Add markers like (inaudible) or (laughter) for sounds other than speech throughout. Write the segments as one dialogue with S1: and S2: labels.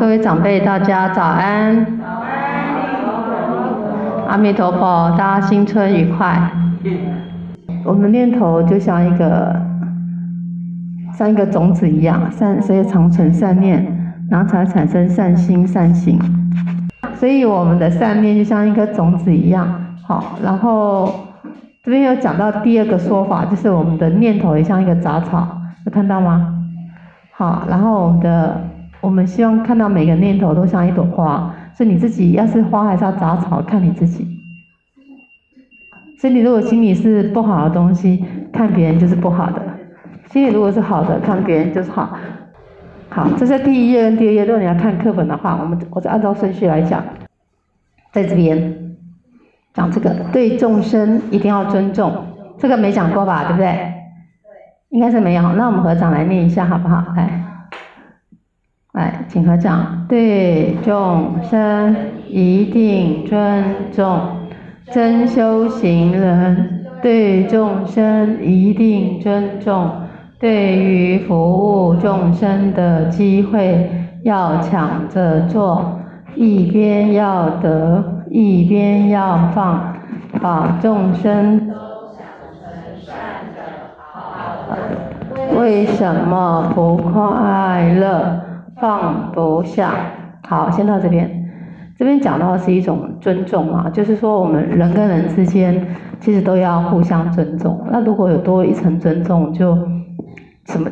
S1: 各位長輩，大家
S2: 早安！早安，阿彌陀佛！阿彌陀佛，大家新春愉快！耶我們念頭就像一個，像一個種子一樣，善，所以常存善念，然後才產生善心、善行。所以我們的善念就像一顆種子一樣，好。然後這邊有講到第二個說法，就是我們的念頭也像一個雜草，有看到嗎？好，然後我們的。我們希望看到每個念頭都像一朵花，所以你自己要是花還是要雜草，看你自己。所以你如果心裡是不好的東西，看別人就是不好的；心裡如果是好的，看別人就是好。好，這是第一頁跟第二頁。如果你要看課本的話，我們我就按照順序來講，在這邊講這個，對眾生一定要尊重，這個沒講過吧？對不對？對，應該是沒有。那我們合掌來念一下，好不好？來。來，請合掌，對眾生一定尊重，真修行人對眾生一定尊重。對於服務眾生的機會，要搶着做，一邊要得，一邊要放，把眾生都想成善者，好好的，為什麼不快樂？放不下，好，先到這邊。這邊講的話是一種尊重嘛，就是說我們人跟人之間其實都要互相尊重。那如果有多一層尊重，就什麼？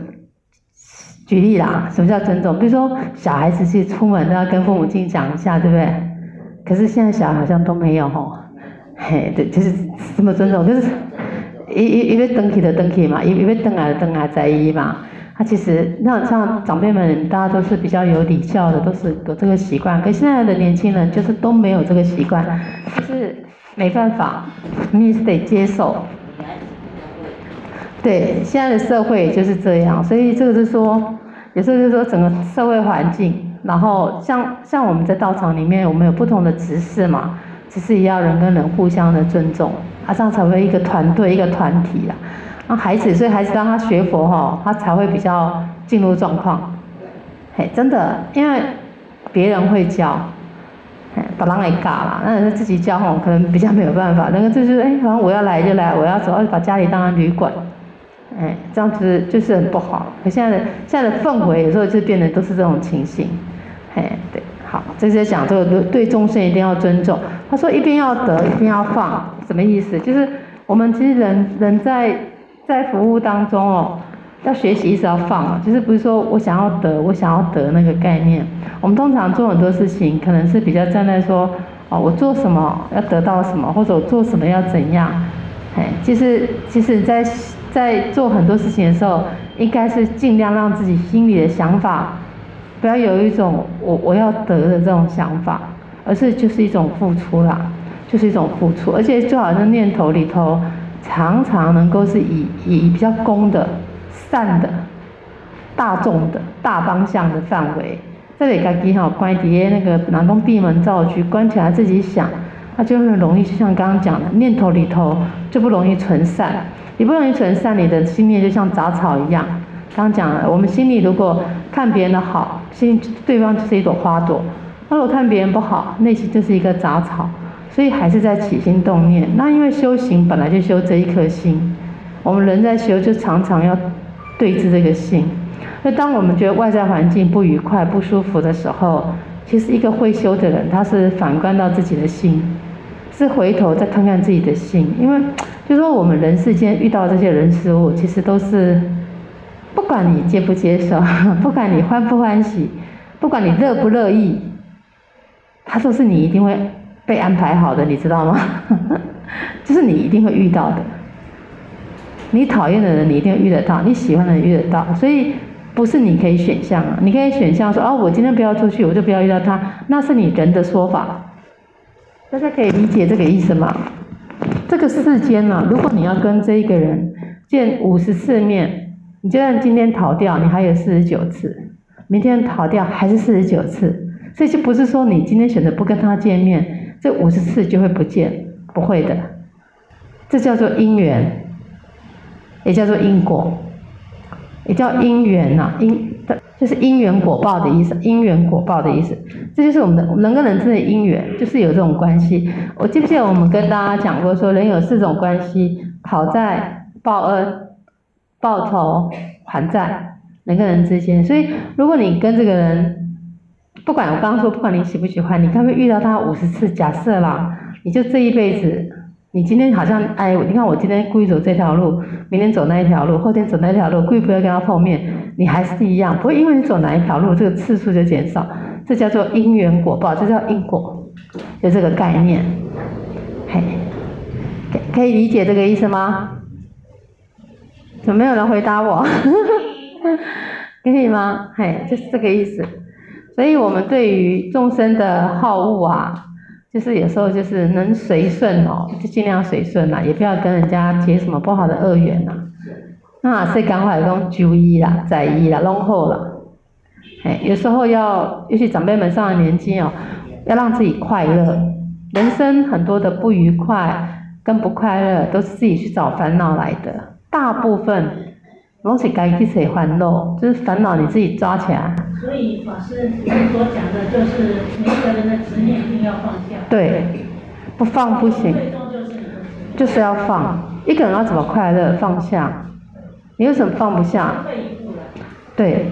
S2: 舉例啦，什麼叫尊重？比如說小孩子去出門都要跟父母親講一下，對不對？可是現在小孩好像都沒有吼，嘿，對，就是這麼尊重？就是一一一個登起的登起嘛，一個登下登下在一嘛。他、啊、其實像像長輩們，大家都是比較有禮教的，都是有這個習慣。可現在的年輕人就是都沒有這個習慣，就是沒辦法，你也是得接受。對，現在的社會就是這樣，所以這個就是說，也是就是說整個社會環境。然後像像我們在道場裡面，我們有不同的執事嘛，執事也要人跟人互相的尊重，啊，這樣才會一個團隊一個團體啊。那孩子，所以孩子當他學佛吼，他才會比較進入狀況。嘿，真的，因為別人會教，嘿，把狼給嘎了。那人家自己教吼，可能比較沒有辦法。那個就是，哎、欸，反正我要來就來，我要走，把家裡當成旅館。哎，這樣子就是很不好。可現在的現在的氛圍，有時候就變得都是這種情形。嘿，對，好，這些講這個對眾生一定要尊重。他說，一邊要得，一邊要放，什麼意思？就是我們其實人人在。在服務當中哦，要學習，一直要放，就是不是說我想要得，我想要得那個概念。我們通常做很多事情，可能是比較站在說，哦，我做什麼要得到什麼，或者我做什麼要怎樣。其實其實在，在在做很多事情的時候，應該是盡量讓自己心裡的想法，不要有一種我我要得的這種想法，而是就是一種付出啦，就是一種付出，而且最好在念頭裡頭。常常能夠是以以，以比較公的、善的、大眾的大方向的範圍，在得自己好關。第那個哪能閉門造車，關起來自己想，他就很容易就像剛剛講的念頭裡頭就不容易存善，也不容易存善。你的心念就像雜草一樣。剛講了，我們心裡如果看別人的好，心裡對方就是一朵花朵，那我看別人不好，內心就是一個雜草。所以還是在起心動念。那因為修行本來就修這一顆心，我們人在修就常常要對治這個心。那當我們覺得外在環境不愉快、不舒服的時候，其實一個會修的人，他是反觀到自己的心，是回頭再看看自己的心。因為就是說我們人世間遇到這些人事物，其實都是，不管你接不接受，不管你歡不歡喜，不管你樂不樂意，他說是你一定會。被安排好的，你知道嗎？ (laughs) 就是你一定會遇到的。你討厭的人，你一定遇得到；你喜歡的人遇得到。所以不是你可以選項啊，你可以選項說：哦，我今天不要出去，我就不要遇到他。那是你人的說法，大家可以理解這個意思嗎？這個世間啊，如果你要跟這一個人見五十次面，你就算今天逃掉，你還有四十九次；明天逃掉還是四十九次。所以這就不是說你今天選擇不跟他見面。這五十次就會不見，不會的。這叫做因緣，也叫做因果，也叫因緣吶、啊，因就是因緣果報的意思，因緣果報的意思。這就是我們的人跟人之間的因緣，就是有這種關係。我記不記得我們跟大家講過說，說人有四種關係：討債、報恩、報仇、還債。人跟人之間，所以如果你跟這個人。不管我剛剛說，不管你喜不喜歡，你可能遇到他五十次。假設啦，你就這一輩子，你今天好像哎，你看我今天故意走這條路，明天走那一條路，後天走那條路，故意不要跟他碰面，你還是一樣，不會因為你走哪一條路，這個次數就減少。這叫做因緣果報，這叫因果，就這個概念，嘿、hey,，可以理解這個意思嗎？怎麼沒有人回答我？ (laughs) 可以嗎？嘿、hey,，就是這個意思。所以我們對於眾生的好惡啊，就是有時候就是能隨順哦，就盡量隨順啦、啊，也不要跟人家結什麼不好的惡緣啦。那所以趕快一種一啦、在一啦、弄好了。誒，有時候要，尤其長輩們上了年紀哦，要讓自己快樂。人生很多的不愉快跟不快樂，都是自己去找煩惱來的，大部分。攏是家己找煩惱，就是煩惱你自己抓起來。所以老師所講的就是每個人的執念一定要放下。對，不放不行。最終就是就是要放，對一個人要怎麼快樂？對放下。對你為什麼放不下？對，對對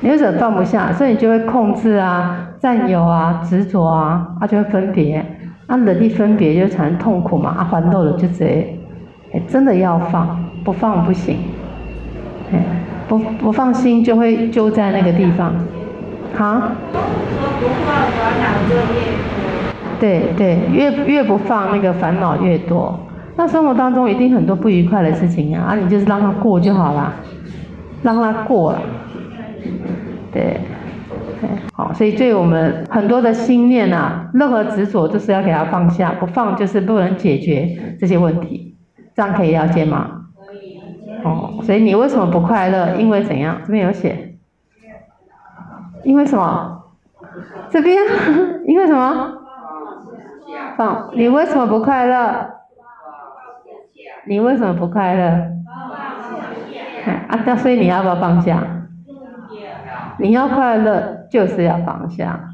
S2: 你為什麼放不下？所以你就會控制啊、佔有啊、執着啊，啊就會分別，啊人一分別就會產生痛苦嘛，啊煩惱了就這，哎、欸、真的要放，不放不行。對不不放心，就會揪在那個地方。好、啊。對對，越越不放那個煩惱越多。那生活當中一定很多不愉快的事情啊，啊，你就是讓它過就好啦。讓它過了。對對，好。所以對我們很多的心念啊，任何執着就是要給它放下，不放就是不能解決這些問題。這樣可以了解嗎？哦，所以你為什麼不快樂？因為怎樣？這邊有寫，因為什麼？這邊，因為什麼？放，你為什麼不快樂？你為什麼不快樂？啊，那所以你要不要放下？你要快樂，就是要放下。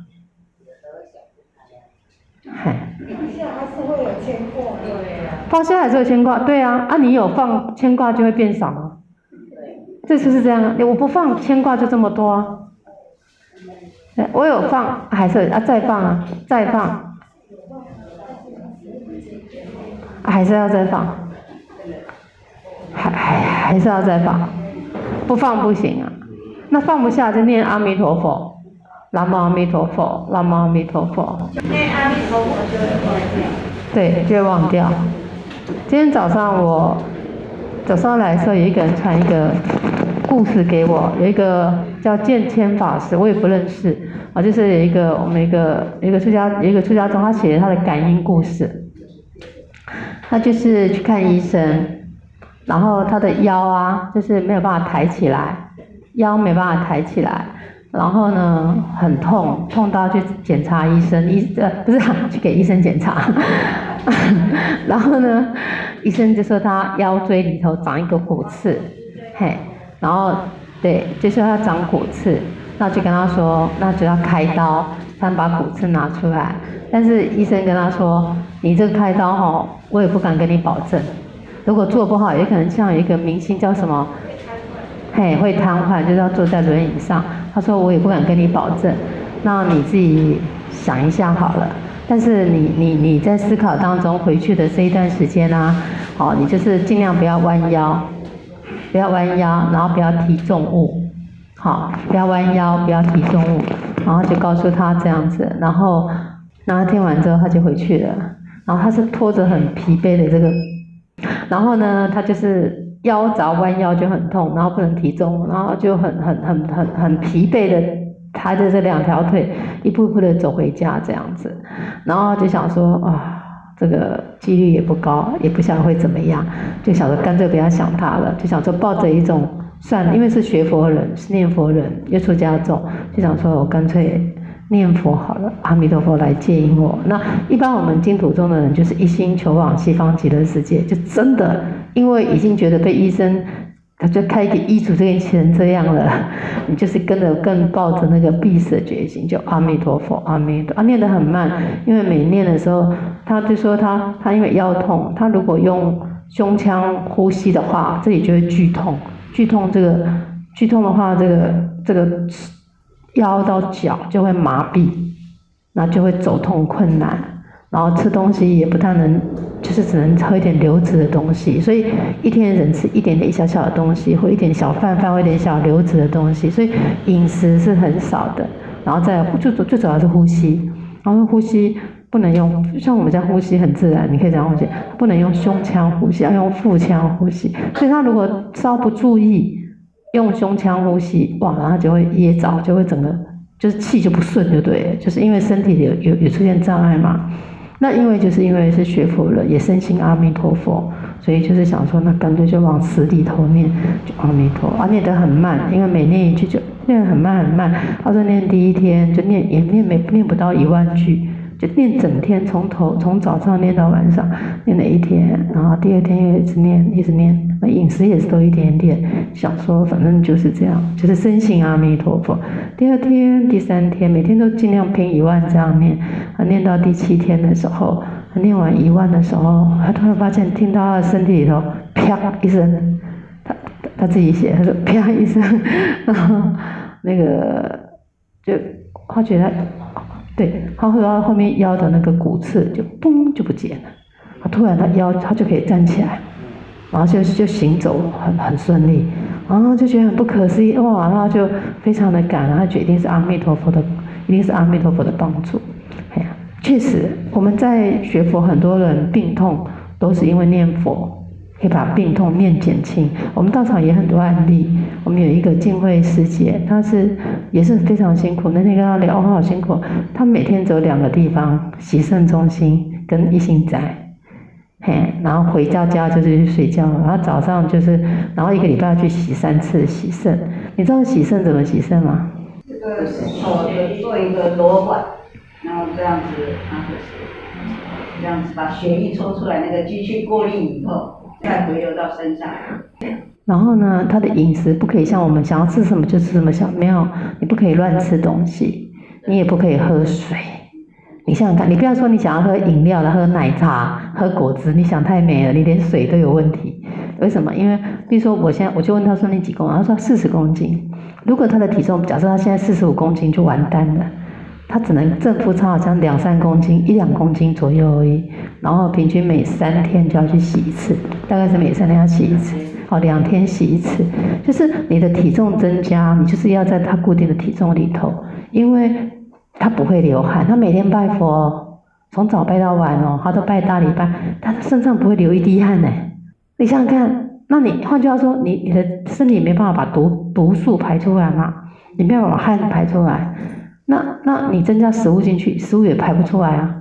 S2: 嗨，放下還是會有牽掛的。放下還是有牽掛，對啊，啊你有放牽掛就會變少嗎？對，這次是這樣啊，我不放牽掛就這麼多啊。對我有放、啊、還是啊，再放啊，再放，啊、還是要再放，還、啊、還還是要再放，不放不行啊。那放不下就念阿彌陀佛，南無阿彌陀佛，南無阿彌陀佛。念阿彌陀佛就會忘掉。對，就會忘掉。今天早上我早上來的時候，有一個人傳一個故事給我，有一個叫見謙法師，我也不認識，啊，就是有一個我們有一個有一個出家有一個出家眾，他寫了他的感應故事，他就是去看醫生，然後他的腰啊，就是沒有辦法抬起來，腰沒辦法抬起來，然後呢很痛，痛到去檢查，醫生醫呃不是去給醫生檢查。 (laughs) 然後呢，醫生就說他腰椎裡頭長一個骨刺，嘿，然後對，就是他長骨刺，那就跟他說，那就要開刀，先把骨刺拿出來。但是醫生跟他說，你這個開刀哈、哦，我也不敢跟你保證，如果做不好，也可能像一個明星叫什麼，嘿，會癱瘓，就是要坐在輪椅上。他說我也不敢跟你保證，那你自己想一下好了。但是你你你在思考當中回去的這一段時間啊，好，你就是儘量不要彎腰，不要彎腰，然後不要提重物，好，不要彎腰，不要提重物，然後就告訴他這樣子，然後，然後聽完之後他就回去了，然後他是拖着很疲憊的這個，然後呢，他就是腰只要彎腰就很痛，然後不能提重物，然後就很很很很很疲憊的。他就是兩條腿，一步步的走回家這樣子，然後就想說啊，這個幾率也不高，也不想會怎麼樣，就想着，乾脆不要想他了，就想說抱着一種算了，因為是學佛人，是念佛人，要出家走，就想說我乾脆念佛好了，阿彌陀佛來接引我。那一般我們淨土宗的人就是一心求往西方極樂世界，就真的因為已經覺得被醫生。他就開一個醫囑，這個人這樣了，你就是跟着更抱着那個必死的決心，就阿彌陀佛，阿彌陀佛啊，念得很慢，因為每念的時候，他就說他他因為腰痛，他如果用胸腔呼吸的話，這裡就會劇痛，劇痛這個劇痛的話，這個這個腰到腳就會麻痹，那就會走痛困難。然後吃東西也不太能，就是只能喝一點流質的東西，所以一天只能吃一點點、小小的東西，或一點小飯飯，或一點小流質的東西，所以飲食是很少的。然後再最最主要是呼吸，然後呼吸不能用，像我們在呼吸很自然，你可以這樣呼吸，不能用胸腔呼吸，要用腹腔呼吸。所以他如果稍不注意用胸腔呼吸，哇，然後就會噎着，就會整個就是氣就不順，就對了，就是因為身體有有有出現障礙嘛。那因為就是因為是學佛了，也深信阿彌陀佛，所以就是想說，那乾脆就往死裡頭念，就阿彌陀啊，念得很慢，因為每念一句就念得很慢很慢。他、啊、說念第一天就念也念沒念不到一萬句。就念整天，從頭從早上念到晚上，念了一天，然後第二天又一直念，一直念。那飲食也是都一點點，想說反正就是這樣，就是深信阿彌陀佛。第二天、第三天，每天都盡量拼一萬，這樣念。啊，念到第七天的時候，念完一萬的時候，他突然發現，聽到他的身體裡頭“啪”一聲，他他自己寫，他說“啪”一聲，然後那個就發覺他。他回到後面腰的那個骨刺就嘣就不見了，他突然他腰他就可以站起來，然後就是就行走很很順利，然後就覺得很不可思議哇，然後就非常的感恩，他覺得一定是阿彌陀佛的，一定是阿彌陀佛的幫助。哎呀，確實我們在學佛，很多人病痛都是因為念佛。可以把病痛面減輕。我們道場也很多案例，我們有一個晉慧師姐，她是也是非常辛苦。那天跟她聊，好辛苦！她每天走兩個地方，洗腎中心跟一心齋，嘿，然後回到家，家就是去睡覺，然後早上就是，然後一個禮拜去洗三次洗腎。你知道洗腎怎麼洗腎嗎？這個手做一個導管，然後這樣子，啊，這樣子把血液抽出來，那個機器過濾以後。再回流到身上。然後呢，他的飲食不可以像我們想要吃什麼就吃什麼，像沒有，你不可以亂吃東西，你也不可以喝水。你想想看，你不要說你想要喝飲料、喝奶茶、喝果汁，你想太美了，你連水都有問題。為什麼？因為比如說，我現在我就問他說你幾公斤？他說四十公斤。如果他的體重假設他現在四十五公斤就完蛋了。他只能正負差好像兩三公斤，一兩公斤左右而已。然後平均每三天就要去洗一次，大概是每三天要洗一次，好，兩天洗一次。就是你的體重增加，你就是要在它固定的體重裡頭，因為它不會流汗。他每天拜佛，從早拜到晚哦，他都拜大禮拜，他身上不會流一滴汗呢、欸。你想想看，那你換句話說，你你的身體沒辦法把毒毒素排出來嘛，你沒辦法把汗排出來。那那你增加食物進去，食物也排不出來啊，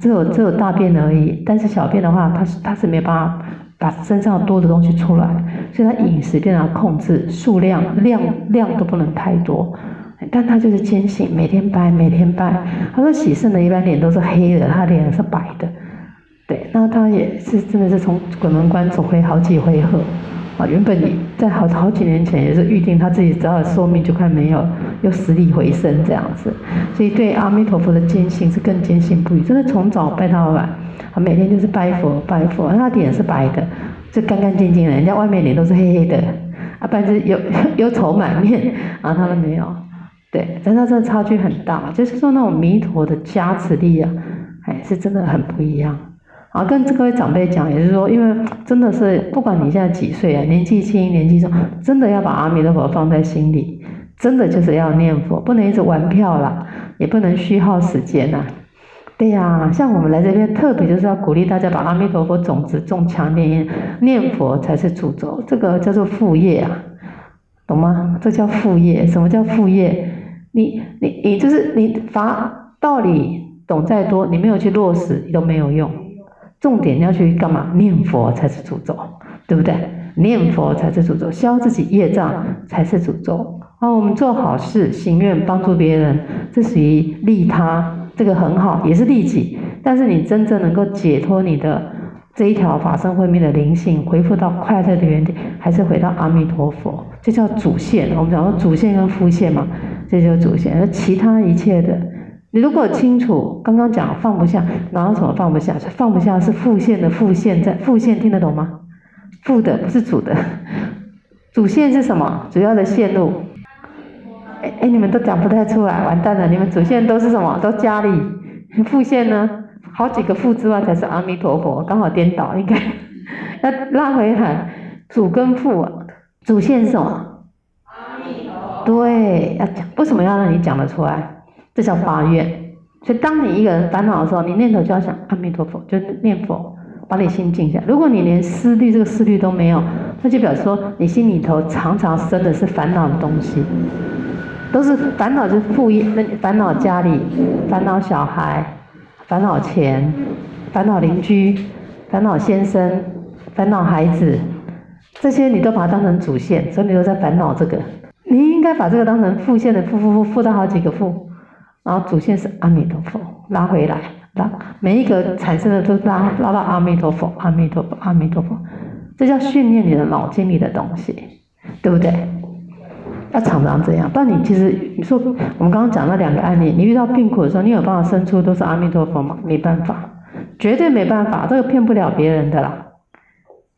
S2: 只有只有大便而已。但是小便的話，他他是沒辦法把身上多的東西出來，所以他飲食變得控制，數量量量都不能太多。但他就是堅信每天拜每天拜，他說，洗腎的一般臉都是黑的，他臉是白的。對，那他也是真的是從鬼門關走回好幾回合啊！原本你在好好幾年前也是預定他自己知道壽命就快沒有。又死裡回生這樣子，所以對阿彌陀佛的堅信是更堅信不疑，真的從早拜到晚，他每天就是拜佛拜佛，他的臉是白的，就乾乾淨淨的，人家外面臉都是黑黑的，但是有有愁滿面啊，然後他們沒有，對，但真的這差距很大，就是說那種彌陀的加持力啊，哎，是真的很不一樣啊。跟各位長輩講，也是說，因為真的是不管你現在幾歲啊，年紀輕年紀重，真的要把阿彌陀佛放在心裡。真的就是要念佛，不能一直玩票了，也不能虛耗時間吶、啊。對呀、啊，像我們來這邊，特別就是要鼓勵大家把阿彌陀佛種子種強念，念佛才是主軸。這個叫做副業啊，懂嗎？這叫副業。什麼叫副業？你、你、你就是你，法道理懂再多，你沒有去落實都沒有用。重點要去幹嘛？念佛才是主軸，對不對？念佛才是主軸，消自己業障才是主軸。哦，我們做好事，行願幫助別人，這屬於利他，這個很好，也是利己。但是你真正能夠解脫你的這一條法身慧命的靈性，恢復到快樂的原點，還是回到阿彌陀佛，這叫主線。我們講說主線跟副線嘛，這就是主線。其他一切的，你如果清楚，剛剛講放不下，然後什麼放不下，放不下是副線的副線，在副線聽得懂嗎？副的不是主的，主線是什麼？主要的線路。哎哎、欸，你們都講不太出來，完蛋了！你們主線都是什麼？都家裡副線呢？好幾個副之外才是阿彌陀佛，剛好顛倒，應該要拉回來。主跟副、啊，主線是什麼？阿彌陀佛。對，要講，為什麼要讓你講得出來？這叫發願。所以當你一個人煩惱的時候，你念頭就要想阿彌陀佛，就念佛，把你心靜下來。如果你連思慮這個思慮都沒有，那就表示說你心裡頭常常真的是煩惱的東西。都是煩惱，就是副一。那煩惱家裡，煩惱小孩，煩惱錢，煩惱鄰居，煩惱先生，煩惱孩子，這些你都把它當成主線，所以你都在煩惱這個。你應該把這個當成副線的副副副，副到好幾個副，然後主線是阿彌陀佛，拉回來拉，每一個產生的都拉，拉到阿彌陀佛、阿彌陀佛、阿彌陀佛，這叫訓練你的腦筋裡的東西，對不對？要常常這樣，但你其實你說，我們剛剛講那兩個案例，你遇到病苦的時候，你有辦法生出都是阿彌陀佛嗎？沒辦法，絕對沒辦法，這個騙不了別人的啦，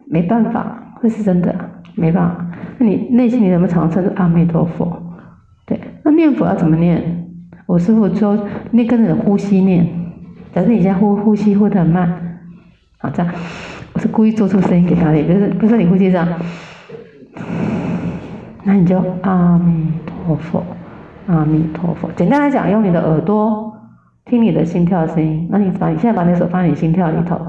S2: 沒辦法，這是真的，沒辦法。那你內心你怎麼常稱阿彌陀佛？對，那念佛要怎麼念？我師父說，那跟着人呼吸念，但是你現在呼呼吸，呼得很慢，好，這樣，我是故意做出聲音給他的，不是不是你呼吸這樣。那你就阿彌陀佛，阿彌陀佛。簡單來講，用你的耳朵聽你的心跳聲音。那你把你現在把你手放你心跳裡頭，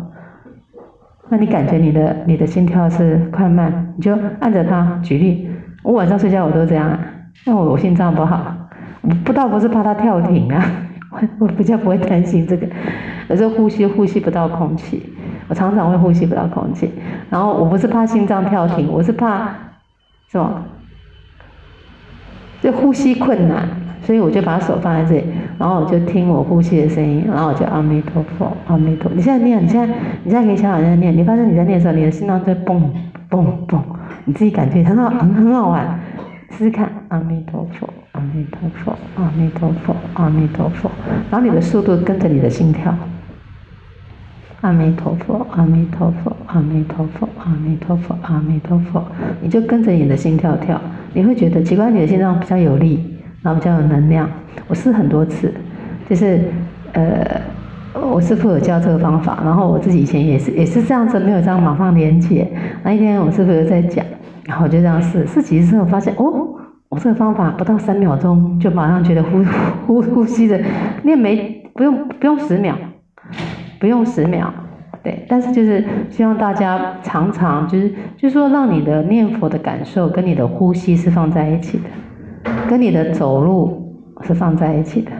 S2: 那你感覺你的你的心跳是快慢？你就按着它。舉例，我晚上睡覺我都這樣啊，因為我我心臟不好，我不倒不是怕它跳停啊，我我比較不會擔心這個。而是呼吸呼吸不到空氣，我常常會呼吸不到空氣。然後我不是怕心臟跳停，我是怕，是吧？就呼吸困難，所以我就把手放在這裡，然後我就聽我呼吸的聲音，然後我就阿彌陀佛，阿彌陀佛。你現在念，你現在，你現在可以像我這樣念。你發現你在念的時候，你的心臟在蹦蹦蹦，你自己感覺很好，很很好玩。試試看阿，阿彌陀佛，阿彌陀佛，阿彌陀佛，阿彌陀佛。然後你的速度跟着你的心跳。阿彌陀佛，阿彌陀佛，阿彌陀佛，阿彌陀佛，阿彌陀佛。你就跟着你的心跳跳，你會覺得奇怪，你的心臟比較有力，然後比較有能量。我試很多次，就是呃，我師傅有教這個方法，然後我自己以前也是也是這樣子，沒有這樣馬上連接。那一天我師傅有在講，然後我就這樣試，試幾次我發現，哦，我這個方法不到三秒鐘就馬上覺得呼呼呼吸的，你也沒不用不用十秒。不用十秒，對，但是就是希望大家常常就是，就說讓你的念佛的感受跟你的呼吸是放在一起的，跟你的走路是放在一起的，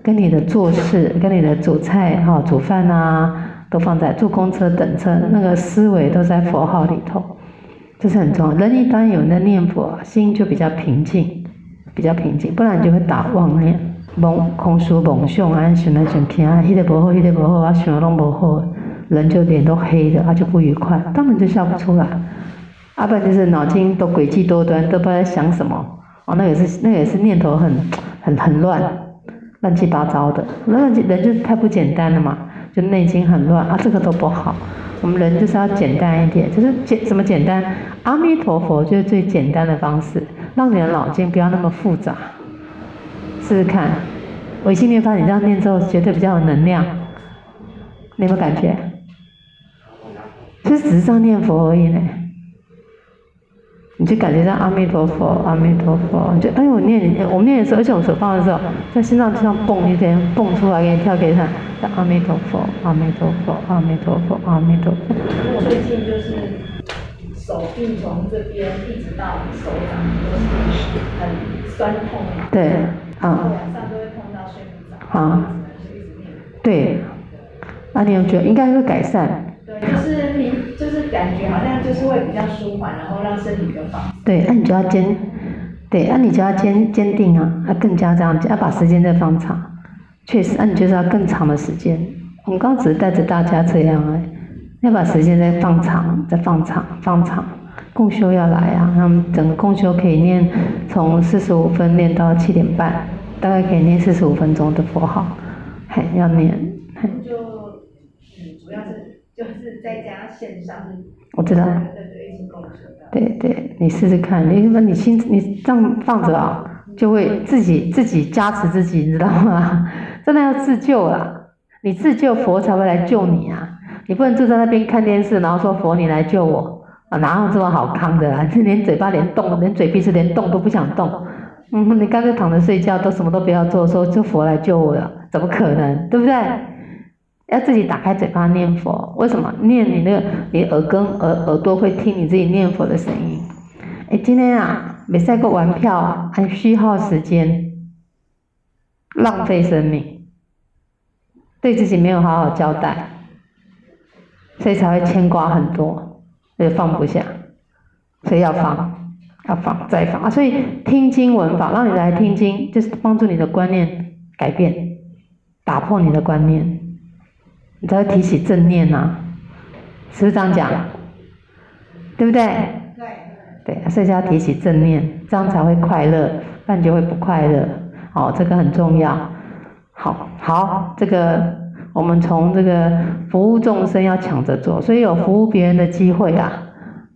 S2: 跟你的做事、跟你的煮菜啊、煮飯吶、啊，都放在坐公車、等車，那個思維都在佛號裡頭，這、就是很重要。人一旦有那念佛，心就比較平靜，比較平靜，不然你就會打妄念。夢空思夢胸安想來想去啊，一、那、點、個、不好一點不啊，我想攏不好，人就臉都黑的，啊就不愉快，根本就笑不出來。啊不就是腦筋都詭計多端，都不知道在想什麼。哦、啊，那個、也是那個、也是念頭很很很亂，亂七八糟的。那個、人就太不簡單了嘛，就內心很亂啊，這個都不好。我們人就是要簡單一點，就是簡怎麼簡單？阿彌陀佛就是最簡單的方式，讓你的腦筋不要那麼複雜。試試看，微信念法，你這樣念之後絕對比較有能量，你有沒有感覺？其實只是這樣念佛而已呢。你就感覺像阿彌陀佛，阿彌陀佛，就哎呦，我念，我念的時候，而且我手放的時候，在心臟上蹦一跳，蹦出來給你跳給你看，叫阿彌陀佛，阿彌陀佛，阿彌陀佛，阿彌陀佛。我最近就是手臂從這邊一直到手掌都是很酸痛。對。啊，啊，對，那、啊、你有覺得應該會改善？對，就是你就是感覺好像就是會比較舒緩，然後讓身體比較放鬆。對，那、啊、你就要堅，對，那你就要堅堅定啊，要更加這樣，子，要把時間再放長。確實，那、啊、你就是要更長的時間。我們剛剛只是帶着大家這樣啊，要把時間再放長，再放長，放長。共修要來啊，我們整個共修可以念從四十五分練到七點半。大概可以念四十五分鐘的佛號，嘿，要念。嘿，就你主要是就是在家線上。我知道、啊。對對，對，你試試看，你說你心你這樣放着啊，就會自己自己加持自己，你知道嗎？真的要自救了，你自救佛才會來救你啊！你不能坐在那邊看電視，然後說，佛你來救我啊，哪有這麼好康的啊？連嘴巴連動，連嘴皮子連動都不想動。嗯，你剛才躺着睡覺，都什麼都不要做，說就佛來救我了，怎麼可能？對不對？要自己打開嘴巴念佛，為什麼？念你那個，你耳根耳耳朵會聽你自己念佛的聲音。哎，今天啊，沒曬過玩票，還虛耗時間，浪費生命，對自己沒有好好交代，所以才會牽掛很多，也放不下。所以要放。要放再放，所以聽經聞法，讓你來聽經，就是幫助你的觀念改變，打破你的觀念，你才會提起正念吶、啊，是不是這樣講？對不對？對對，所以就要提起正念，這樣才會快樂，不然就會不快樂。哦，這個很重要。好，好，這個我們從這個服務眾生要搶着做，所以有服務別人的機會啊，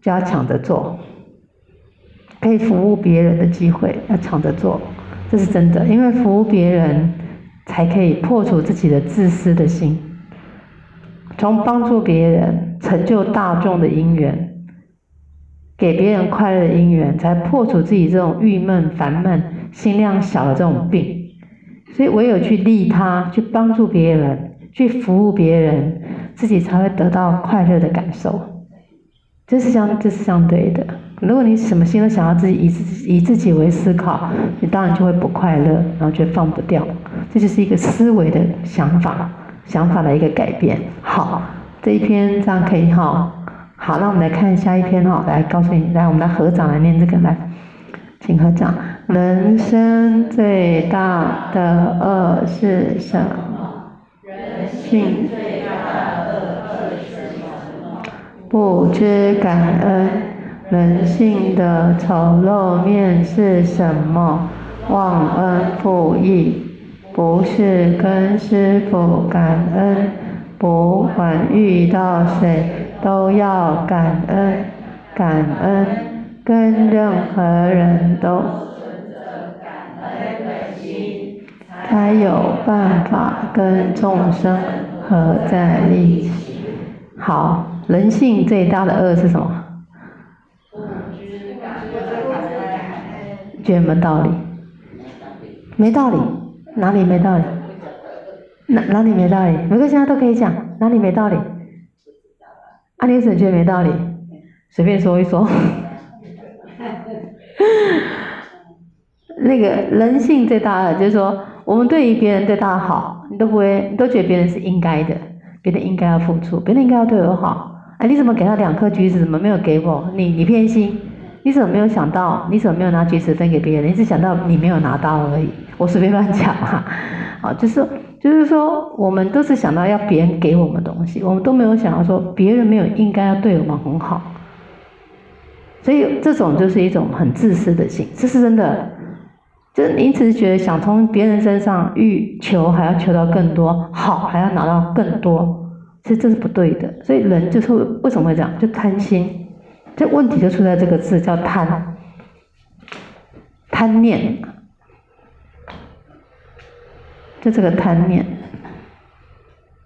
S2: 就要搶着做。可以服務別人的機會，要搶着做，這是真的。因為服務別人，才可以破除自己的自私的心，從幫助別人、成就大眾的因緣，給別人快樂的因緣，才破除自己這種鬱悶、煩悶、心量小的這種病。所以，唯有去利他、去幫助別人、去服務別人，自己才會得到快樂的感受。這是相，這是相對的。如果你什麼心都想要自己以自以自己為思考，你當然就會不快樂，然後就放不掉，這就是一個思維的想法，想法的一個改變。好，這一篇這樣可以哈。好，那我們來看下一篇哈，來告訴你，來我們來合掌來念這個，來，請合掌。人生最大的惡是什麼？人性最大的惡是什麼？不知感恩。人性的醜陋面是什麼？忘恩負義。不是跟師父感恩，不管遇到誰都要感恩，感恩，跟任何人都存感恩的心，才有辦法跟眾生合在一起。好，人性最大的惡是什麼？覺得沒道理，沒道理，哪裡沒道理？哪哪裡沒道理？每個現在都可以講，哪裡沒道理？啊，你有什麼覺得沒道理，隨便說一說。 (laughs) (laughs) 那個人性最大的就是說，我們對於別人對他好，你都不會，你都覺得別人是應該的，別人應該要付出，別人應該要對我好。哎、啊，你怎麼給他兩顆橘子，怎麼沒有給我？你你偏心。你怎麼沒有想到？你怎麼沒有拿幾十分給別人？你只想到你沒有拿到而已。我隨便亂講哈、啊，啊，就是就是說，我們都是想到要別人給我們東西，我們都沒有想到說別人沒有應該要對我們很好。所以這種就是一種很自私的心，這是真的。就是只是覺得想從別人身上欲求，還要求到更多好，還要拿到更多，其實這是不對的。所以人就是為什麼會這樣？就貪心。這問題就出在這個字，叫貪，貪念，就這個貪念，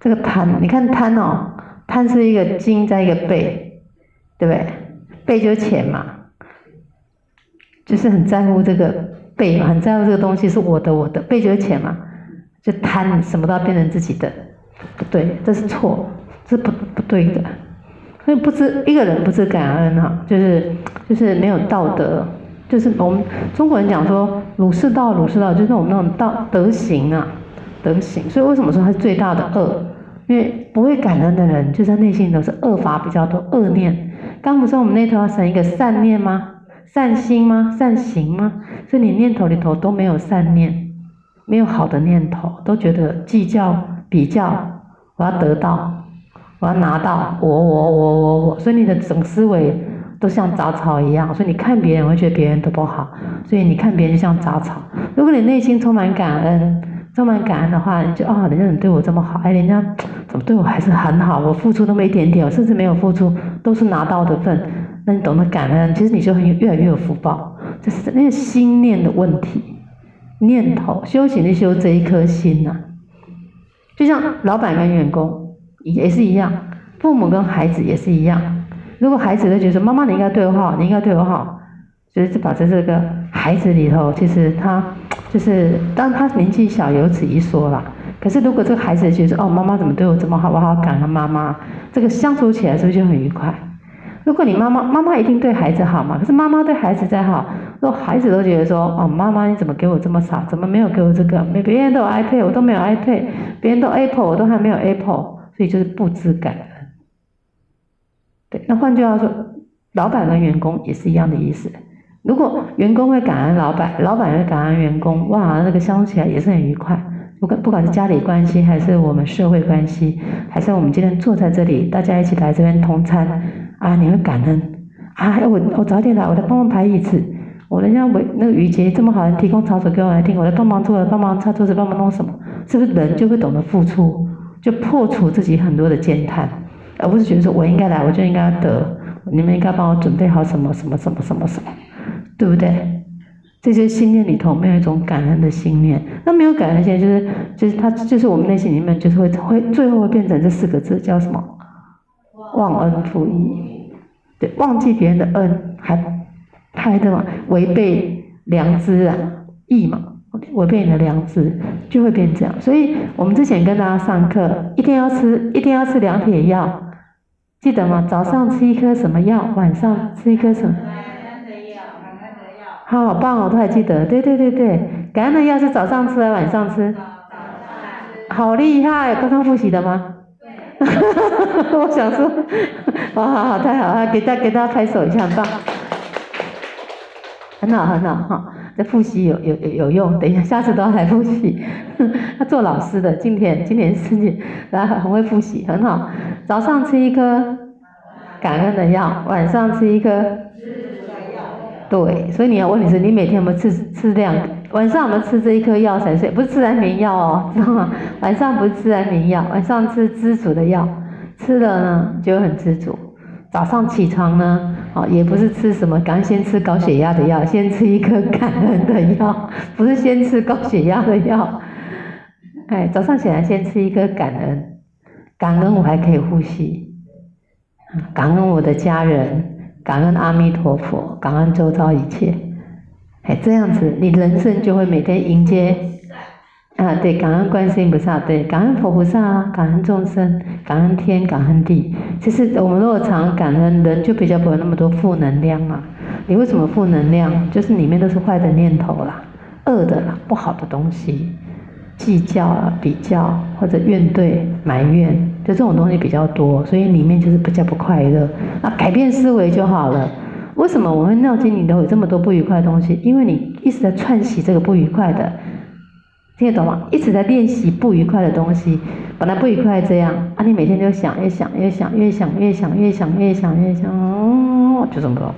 S2: 這個貪，你看貪哦，貪是一個金加一個貝，對不對？貝就是錢嘛，就是很在乎這個貝，很在乎這個東西是我的，我的貝就是錢嘛，就貪，什麼都要變成自己的，不對，這是錯，這是不不，不對的。所以不知一個人不知感恩啊，就是就是沒有道德，就是我們中國人講說“儒釋道”，儒釋道就是我們那種道德行啊，德行。所以為什麼說他是最大的惡？因為不會感恩的人，就在內心裡頭是惡法比較多、惡念。剛不是說我們那頭要成一個善念嗎？善心嗎？善行嗎？所以你念頭裡頭都沒有善念，沒有好的念頭，都覺得計較、比較，我要得到。我要拿到，我我我我我，所以你的總思維都像雜草一樣。所以你看別人，會覺得別人都不好，所以你看別人就像雜草。如果你內心充滿感恩，充滿感恩的話，你就哦，人家你對我這麼好，哎，人家怎麼對我還是很好，我付出那麼一點點，我甚至沒有付出，都是拿到的份。那你懂得感恩，其實你就很有越來越有福報。這，就是那個心念的問題，念頭修行就修這一顆心吶、啊，就像老板跟員工。也是一樣，父母跟孩子也是一樣。如果孩子都覺得說媽媽你應該對我好，你應該對我好，所以就表示這個孩子裡頭其實他就是，當他年紀小有此一說啦。可是如果這個孩子覺得哦，媽媽怎麼對我這麼好，我好感恩媽媽。這個相處起來是不是就很愉快？如果你媽媽媽媽一定對孩子好嘛，可是媽媽對孩子再好，如果孩子都覺得說哦，媽媽你怎麼給我這麼少，怎麼沒有給我這個？別別人都有 iPad，我都沒有 iPad；別人都 Apple，我都還沒有 Apple。所以就是不知感恩，對。那換句話說，老闆跟員工也是一樣的意思。如果員工會感恩老闆，老闆也會感恩員工，哇，那個相處起來也是很愉快。不管不管是家裡關係，還是我們社會關係，還是我們今天坐在這裡，大家一起來這邊同餐啊，你會感恩啊！我我早點來，我來幫忙排椅子。我人家為那個余杰這麼好人提供場所給我來聽，我來幫忙坐，幫忙擦桌子，幫忙，忙，忙，忙弄什麼？是不是人就會懂得付出？就破除自己很多的慳貪，而不是覺得說我應該來，我就應該得，你們應該幫我準備好什麼什麼什麼什麼什麼，對不對？這些信念裡頭沒有一種感恩的信念，那沒有感恩的信念，就是就是他就是我們內心裡面就是會會最後會變成這四個字叫什麼？忘恩負義，對，忘記別人的恩，還還這麼違背良知啊，義嘛。我變你的良知就會變這樣，所以我們之前跟大家上課，一定要吃，一定要吃兩片藥，記得嗎？早上吃一顆什麼藥，晚上吃一顆什麼？感恩的藥，感恩的藥。好,好棒哦，都還記得？對對對對，感恩的藥是早上吃還是晚上吃。早上來吃。好厲害！剛剛複習的嗎？對。 (laughs) 我想說，哇好好，好太好了，可以再給大家拍手一下，很棒，好好很好，很好,好，哈。這複習有有有有用，等一下下次都要來複習。他做老師的，今天今天是你，然後、啊、很會複習，很好。早上吃一顆感恩的藥，晚上吃一顆知足的藥。對，所以你要問你說你每天有沒有吃吃這樣？晚上我們吃這一顆藥才睡，不是吃安眠藥哦，知道嗎？晚上不吃安眠藥，晚上吃知足的藥，吃了呢就很知足。早上起床呢？好，也不是吃什麼，剛先吃高血壓的藥，先吃一顆感恩的藥，不是先吃高血壓的藥。哎，早上起來先吃一顆感恩，感恩我還可以呼吸，感恩我的家人，感恩阿彌陀佛，感恩周遭一切。哎，這樣子，你人生就會每天迎接。啊，對，感恩觀音菩薩，對，感恩佛菩薩、啊，感恩眾生，感恩天，感恩地。其實我們若常感恩，人就比較不會有那麼多負能量啊。你為什麼負能量？就是裡面都是壞的念頭啦，惡的啦，不好的東西，計較、啊、比較或者怨對、埋怨，就這種東西比較多，所以裡面就是比較不快樂。那改變思維就好了。為什麼我們內心裡都有這麼多不愉快的東西？因為你一直在串習這個不愉快的。你也懂嗎？一直在練習不愉快的東西，本來不愉快這樣啊！你每天都想，越想越想越想越想越想越想越想，哦，就這麼多。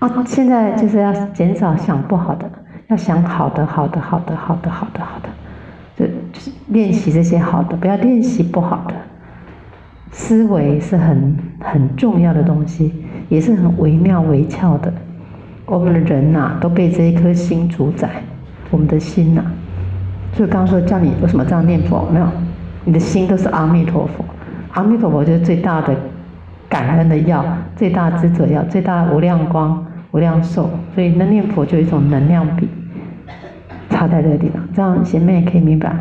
S2: 啊，現在就是要減少想不好的，要想好的，好的，好的，好的，好的，好的，就是練習這些好的，不要練習不好的。思維是很很重要的東西，也是很微妙微俏的。我們的人吶，都被這一顆心主宰。我們的心吶、啊，所以剛剛說叫你為什麼這樣念佛？沒有，你的心都是阿彌陀佛，阿彌陀佛就是最大的感恩的藥，最大知者藥，最大無量光、無量壽。所以能念佛就有一種能量比，插在這個地方，這樣前面也可以明白，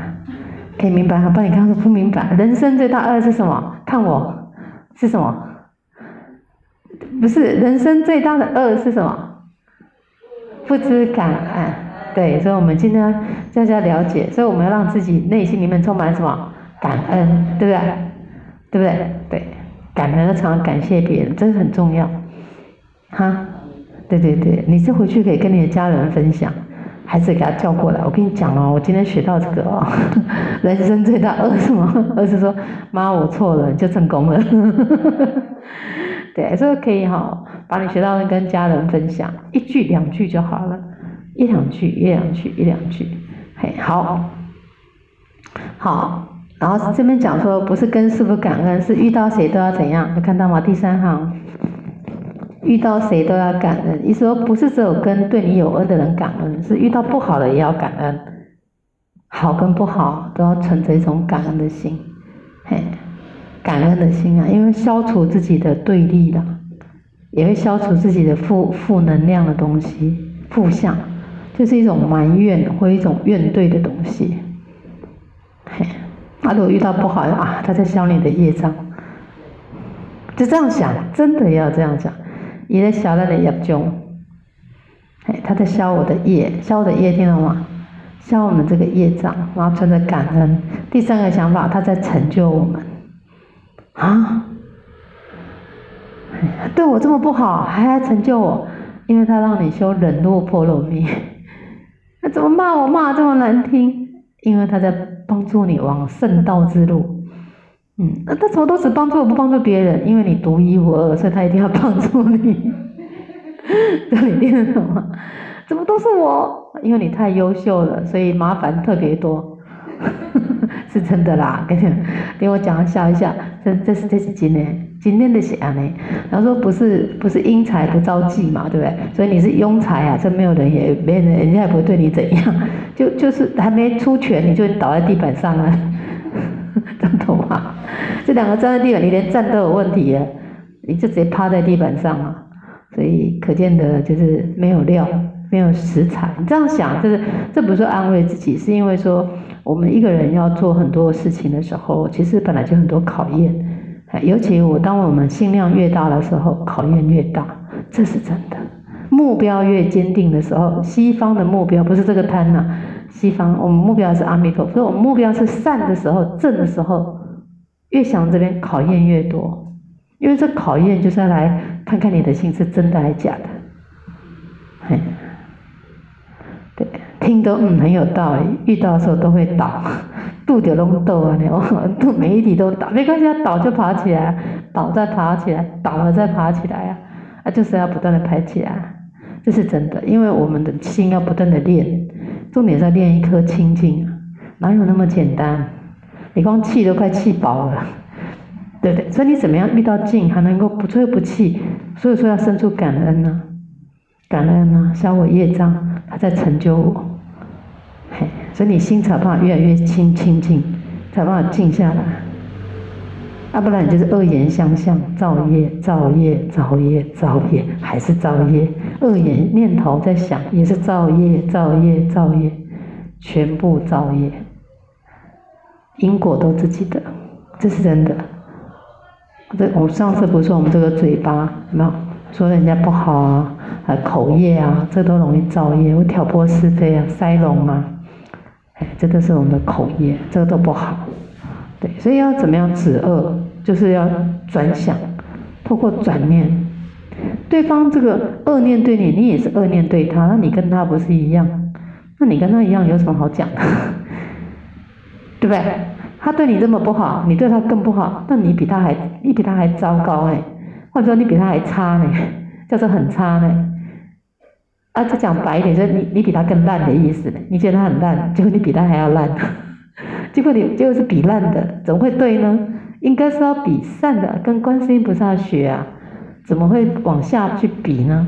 S2: 可以明白。好，不然你剛剛不明白。人生最大惡是什麼？看我是什麼？不是，人生最大的惡是什麼？不知感恩。哎對，所以我們今天就是要交交了解，所以我們要讓自己內心裡面充滿什麼感恩，對不對？對不對？對，感恩要常感謝別人，這是很重要，哈。對對對，你這回去可以跟你的家人分享，孩子給他叫過來，我跟你講哦，我今天學到這個哦，人生最大惡、呃、什麼？兒、呃、子說，媽我錯了就成功了， (laughs) 對，這個可以哈、哦，把你學到跟家人分享，一句兩句就好了。一兩句，一兩句，一兩句，嘿，好，好，然後這邊講說，不是跟師父感恩，是遇到誰都要怎樣，你看到嗎？第三行，遇到誰都要感恩。你說不是只有跟對你有恩的人感恩，是遇到不好的也要感恩，好跟不好都要存着一種感恩的心，嘿，感恩的心啊，因為消除自己的對立了，也會消除自己的負負能量的東西，負向。就是一種埋怨或一種怨對的東西。嘿，阿羅遇到不好的啊，他在消你的業障，就這樣想，真的要這樣想，你的小人也不囧，哎，他在消我的業，消我的業，聽到嗎？消我們這個業障，然後真的感恩。第三個想法，他在成就我們，啊，對我這麼不好，還來成就我，因為他讓你修忍辱波羅蜜。怎麼罵我罵這麼難聽？因為他在幫助你往聖道之路。嗯，那、啊、他從來都只幫助我不幫助別人？因為你獨一無二，所以他一定要幫助你。不要你念什麼？怎麼都是我？因為你太優秀了，所以麻煩特別多。 (laughs) 是真的啦，給你我講笑一笑，這這是這是真的今天的戲呢，然後說不是不是英才不招忌嘛，對不對？所以你是庸才啊，這沒有人也沒人也，人家也不會對你怎樣，就就是還沒出拳你就會倒在地板上了，啊，真的嗎？這兩個站在地板，你連站都有問題，啊，你就直接趴在地板上了，啊，所以可見的就是沒有料，沒有食材。你這樣想，就是這不是說安慰自己，是因為說我們一個人要做很多事情的時候，其實本來就很多考驗。尤其我，當我們心量越大的時候，考驗越大，這是真的。目標越堅定的時候，西方的目標不是這個貪吶、啊，西方我們目標是阿彌陀佛，所以我們目標是善的時候、正的時候，越想這邊考驗越多，因為這考驗就是要來看看你的心是真的還是假的。對，對，聽都，嗯，很有道理，遇到的時候都會倒。度就弄斗啊！你哦，肚每一體都倒，沒關係，倒就爬起來，倒再爬起來，倒了再爬起來啊！啊，就是要不斷的爬起來，這是真的。因為我們的心要不斷的練，重點在練一顆清淨，哪有那麼簡單？你光氣都快氣飽了，對不對？所以你怎麼樣遇到境，還能夠不吹不氣？所以說要生出感恩呢、啊，感恩呢、啊，消我業障，他在成就我。所以你心才怕越來越清清淨，才怕靜下來。啊，不然你就是惡言相向，造業，造業，造業，造業，還是造業。惡言念頭在想，也是造業，造業，造業，全部造業。因果都自己的，這是真的。這我上次不是說我們這個嘴巴，有沒有說人家不好啊，還口業啊，這都容易造業，我挑撥是非啊，塞龍啊。哎，這個是我們的口業，這個都不好。對，所以要怎麼樣止惡，就是要轉想，透過轉念，對方這個惡念對你，你也是惡念對他，那你跟他不是一樣？那你跟他一樣有什麼好講？ (laughs) 對不對？他對你這麼不好，你對他更不好，那你比他還，你比他還糟糕哎、欸。或者說你比他還差呢、欸，叫做很差呢、欸。啊，再講白一點，就你你比他更爛的意思，你覺得他很爛，結果你比他還要爛， (laughs) 結果你結果是比爛的，怎麼會對呢？應該是要比善的，跟觀世音菩薩學啊，怎麼會往下去比呢？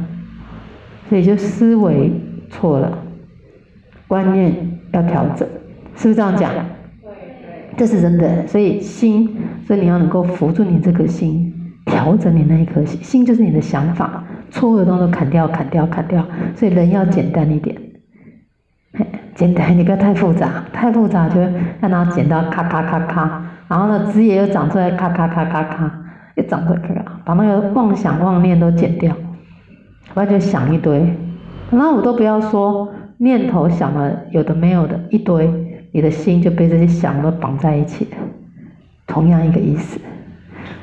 S2: 所以就思維錯了，觀念要調整，是不是這樣講？對，對。這是真的。所以心，所以你要能夠扶住你這顆心，調整你那一顆心，心就是你的想法。錯誤的東西砍掉，砍掉，砍掉，所以人要簡單一點，嘿簡單，你不要太複雜，太複雜就讓它剪到咔咔咔咔，然後呢枝葉又長出來咔咔咔咔咔，又長出來咔咔，把那個妄想妄念都剪掉，完全想一堆，然後我都不要說念頭想了有的沒有的一堆，你的心就被這些想的綁在一起，同樣一個意思。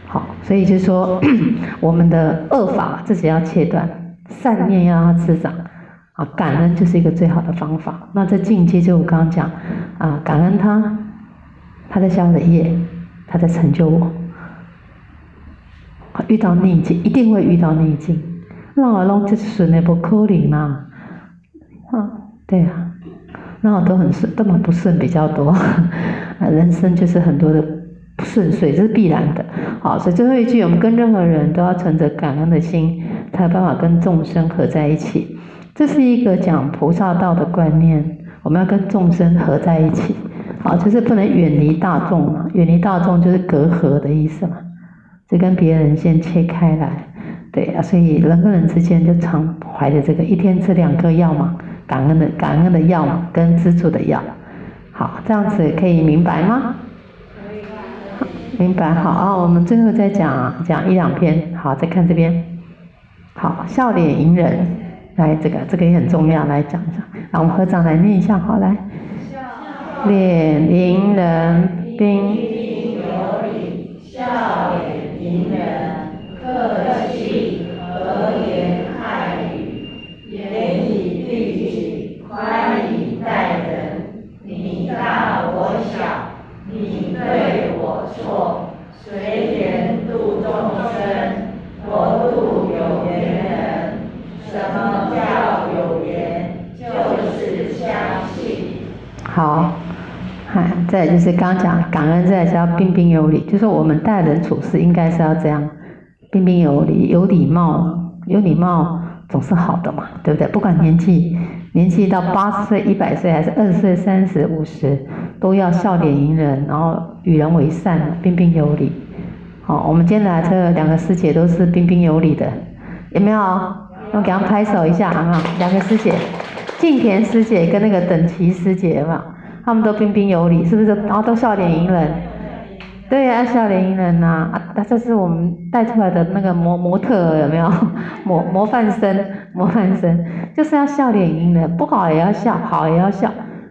S2: 好，所以就說 (coughs) 我們的惡法自己要切斷，善念要讓它滋長。啊，感恩就是一個最好的方法。那在境界就我剛剛講，啊，感恩他，他在消業，他在成就我。遇到逆境，一定會遇到逆境。讓我弄就是誒無可能嘛、啊？啊，對啊，那我都很順，都蠻不順比較多。人生就是很多的。不順遂，這是必然的。好，所以最後一句，我們跟任何人都要存着感恩的心，才有辦法跟眾生合在一起。這是一個講菩薩道的觀念，我們要跟眾生合在一起。好，就是不能遠離大眾嘛，遠離大眾就是隔閡的意思嘛，就跟別人先切開來。對啊，所以人跟人之間就常懷着這個，一天吃兩顆藥嘛，感恩的感恩的藥嘛，跟知足的藥。好，這樣子可以明白嗎？明白，好啊、哦，我們最後再講講一兩篇，好，再看這邊，好，笑臉迎人，來，這個這個也很重要，來講一下，好，我們合掌來念一下，好，來，笑臉迎人，彬彬有禮，笑臉迎人，客氣和言。就是剛剛講，感恩在是要彬彬有禮。就是我們待人處事，應該是要這樣，彬彬有禮，有禮貌，有禮貌總是好的嘛，對不對？不管年紀，年紀到八十歲、一百歲，還是二十歲、三十五十，都要笑臉迎人，然後與人為善，彬彬有禮。好，我們今天來這兩個師姐都是彬彬有禮的，有沒有？我給他們拍手一下好不好？兩個師姐，靜田師姐跟那個等琦師姐吧。有他們都彬彬有禮，是不是？然、啊、後都笑臉迎人，對呀、啊，笑臉迎人呐。啊，這是我們帶出來的那個模模特兒有沒有？模模範生，模範生就是要笑臉迎人，不好也要笑，好也要笑，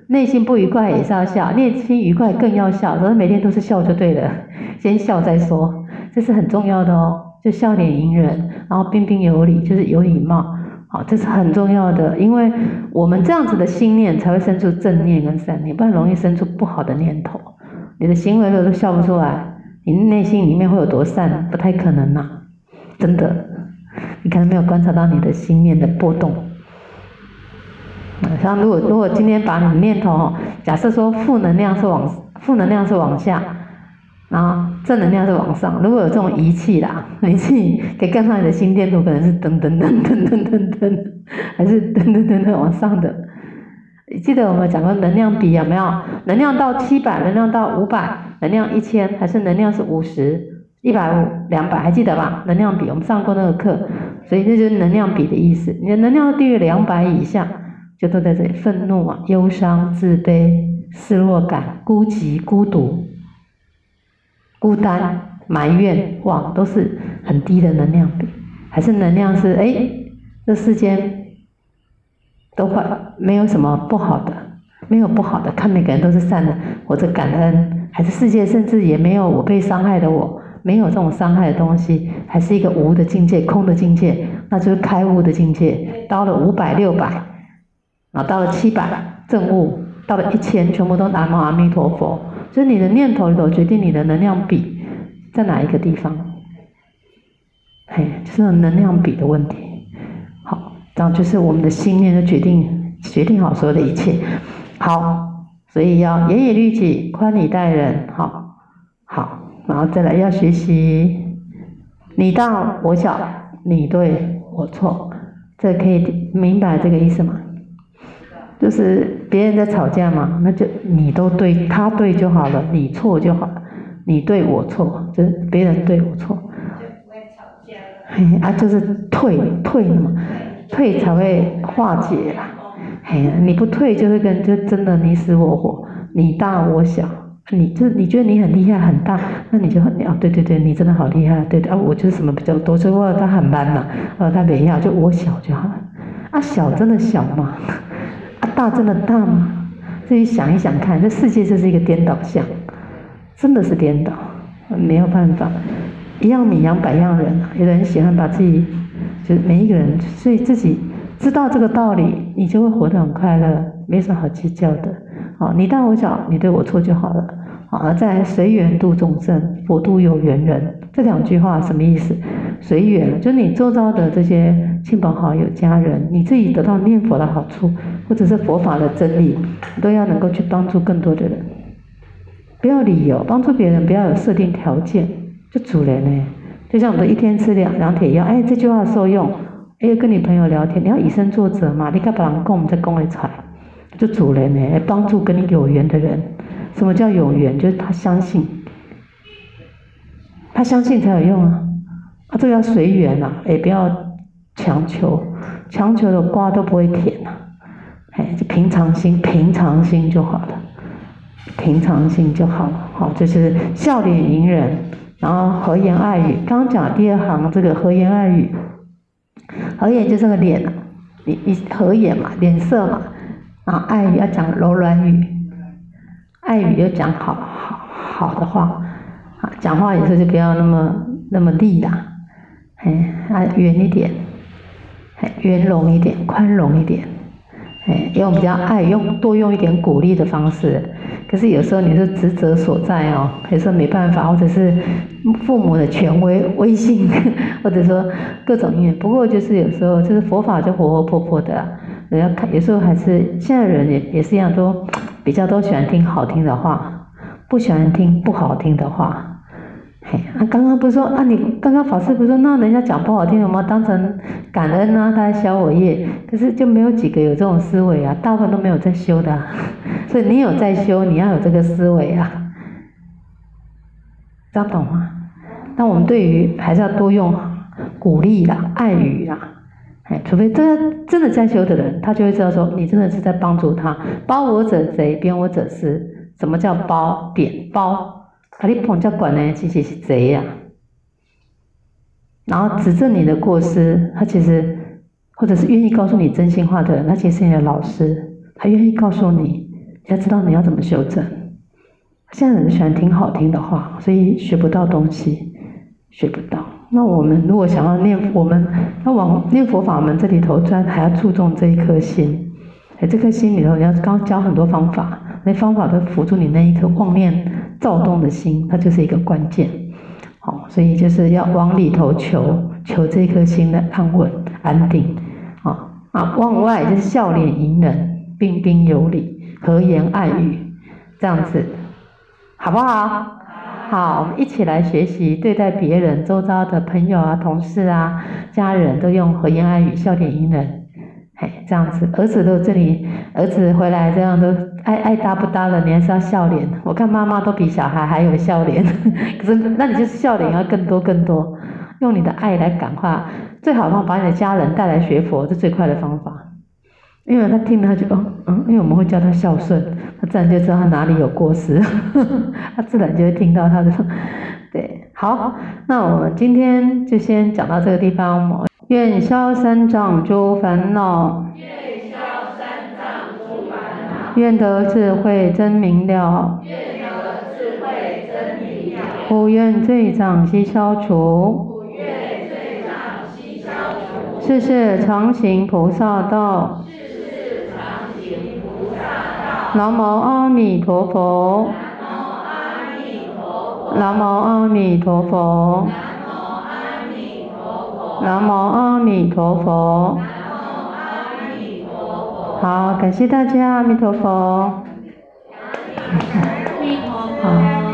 S2: 內心不愉快也是要笑，內心愉快更要笑。所以每天都是笑就對了，先笑再說，這是很重要的哦。就笑臉迎人，然後彬彬有禮，就是有禮貌。好，這是很重要的，因為我們這樣子的心念才會生出正念跟善念，你不然容易生出不好的念頭。你的行為都笑不出來，你內心裡面會有多善？不太可能吶、啊，真的。你可能沒有觀察到你的心念的波動。像如果如果今天把你的念頭，假設說負能量是往負能量是往下。啊，然後正能量是往上。如果有這種儀器啦，儀器可以跟上你的心電圖，可能是噔噔噔噔噔噔噔，還是噔噔噔噔噔往上的。記得我們講過能量比，有沒有？能量到七百，能量到五百，能量一千，還是能量是五十、一百五、兩百？還記得吧？能量比，我們上過那個課，所以這就是能量比的意思。你的能量低於兩百以下，就都在這裡，憤怒、啊、憂傷、自卑、失落感、孤寂、孤獨。孤單、埋怨，哇，都是很低的能量比，還是能量是哎，這世間都會沒有什麼不好的，沒有不好的，看每個人都是善的，或者感恩，還是世界甚至也沒有我被傷害的我，我沒有這種傷害的東西，還是一個無的境界、空的境界，那就是開悟的境界。到了五百、六百啊，到了七百，證悟，到了一千，全部都南無阿彌陀佛。所以你的念頭裡頭決定你的能量比在哪一個地方，嘿、哎，就是能量比的問題。好，這樣就是我們的信念就決定決定好所有的一切。好，所以要嚴以律己，寬以待人。好，好，然後再來要學習，你大我小，你對我錯，這可以明白這個意思嗎？就是。別人在吵架嘛，那就你都對他對就好了，你錯，就好了。你對我錯，就是別人對我錯。就不會吵架了。嘿、哎，啊，就是退退，退嘛，退，退才會化解啦。嘿、哦哎，你不退就會跟就真的你死我活，你大我小，你這你覺得你很厲害很大，那你就很啊對對對，你真的好厲害，對對啊，我就是什麼比較多，所以不過他很 man 嘛，呃、啊，他沒要，就我小就好了，啊，小真的小嘛。啊、大真的大嗎？自己想一想看，這世界就是一個顛倒相，真的是顛倒，沒有辦法。一樣米養百樣人，有的人喜歡把自己，就是每一個人，所以自己知道這個道理，你就會活得很快樂，沒什麼好計較的。好，你大我小，你對我錯就好了。好，再來隨緣度眾生，佛度有緣人這兩句話什麼意思？隨緣，就你周遭的這些親朋好友、家人，你自己得到念佛的好處。或者是佛法的真理，都要能夠去幫助更多的人。不要理由，幫助別人不要有設定條件，就主人呢？就像我們一天吃兩兩帖藥，哎，這句話受用。哎，跟你朋友聊天，你要以身作則嘛，你跟別人共我們在共來採，就主人呢？幫助跟你有緣的人，什麼叫有緣？就是他相信，他相信才有用啊！啊，這個要隨緣吶，啊，也、哎、不要強求，強求的瓜都不會甜吶。哎，就平常心，平常心就好了，平常心就好了。好，就是笑臉迎人，然後和顏愛語。剛講第二行，這個和顏愛語，和顏就是個臉，你一和顏嘛，臉色嘛，啊，愛語要講柔軟語，愛語要講好好好的話，啊，講話也是就不要那麼那麼地的，哎，啊，圓一點，哎，圓融一點，寬容一點。因為我們比較愛用，用多用一點鼓勵的方式。可是有時候你是職責所在哦，有時候沒辦法，或者是父母的權威威信，或者說各種因緣。不過就是有時候，就是佛法就活活潑潑的、啊，人家看有時候還是現在人也也是一樣，都比較都喜歡聽好聽的話，不喜歡聽不好聽的話。哎呀，剛剛不是說啊？你剛剛法師不是說，那人家講不好聽了嗎？當成感恩啊，他在消我業，可是就沒有幾個有這種思維啊，大部分都沒有在修的、啊。所以你有在修，你要有這個思維啊，知道懂嗎？那我們對於還是要多用鼓勵啦、愛語啦。哎，除非真真的在修的人，他就會知道說，你真的是在幫助他。褒我者賊，貶我者師。什麼叫褒？貶褒？他你捧着管呢，其實是賊呀。然後指正你的過失，他其實或者是願意告訴你真心話的人，那其實是你的老師，他願意告訴你，你要知道你要怎麼修正。現在人喜歡聽好聽的話，所以學不到東西，學不到。那我們如果想要念佛，我們要往念佛法門這裡頭鑽，還要注重這一顆心。哎、欸，這顆心裡頭，你要教很多方法。那方法都輔助你那一顆妄念躁動的心，它就是一個關鍵。好，所以就是要往裡頭求，求這顆心的安穩、安定。啊啊，往外就是笑臉迎人，彬彬有禮，和顏愛語，這樣子，好不好？好，我們一起來學習對待別人、周遭的朋友啊、同事啊、家人都用和顏愛語、笑臉迎人。哎，這樣子，兒子都這裡，兒子回來這樣都愛愛搭不搭的，你還是要笑臉。我看媽媽都比小孩還有笑臉， (laughs) 可是那你就是笑臉要更多更多，用你的愛來感化，最好方法把你的家人帶來學佛是最快的方法，因為他聽了就，嗯，因為我們會叫他孝順，他自然就知道他哪裡有過失， (laughs) 他自然就會聽到他的。對，好，那我們今天就先講到這個地方。願消三障諸煩惱，願消三障諸煩
S1: 惱，願得智
S2: 慧真明了，願得智慧真明了，普願罪障悉消除，普願罪障悉消除，世世常行菩薩道，世世常行菩薩道，南無阿彌陀佛，南無阿彌陀佛，南無阿彌陀佛。南無阿彌陀佛。好，感謝大家，阿彌陀佛。好。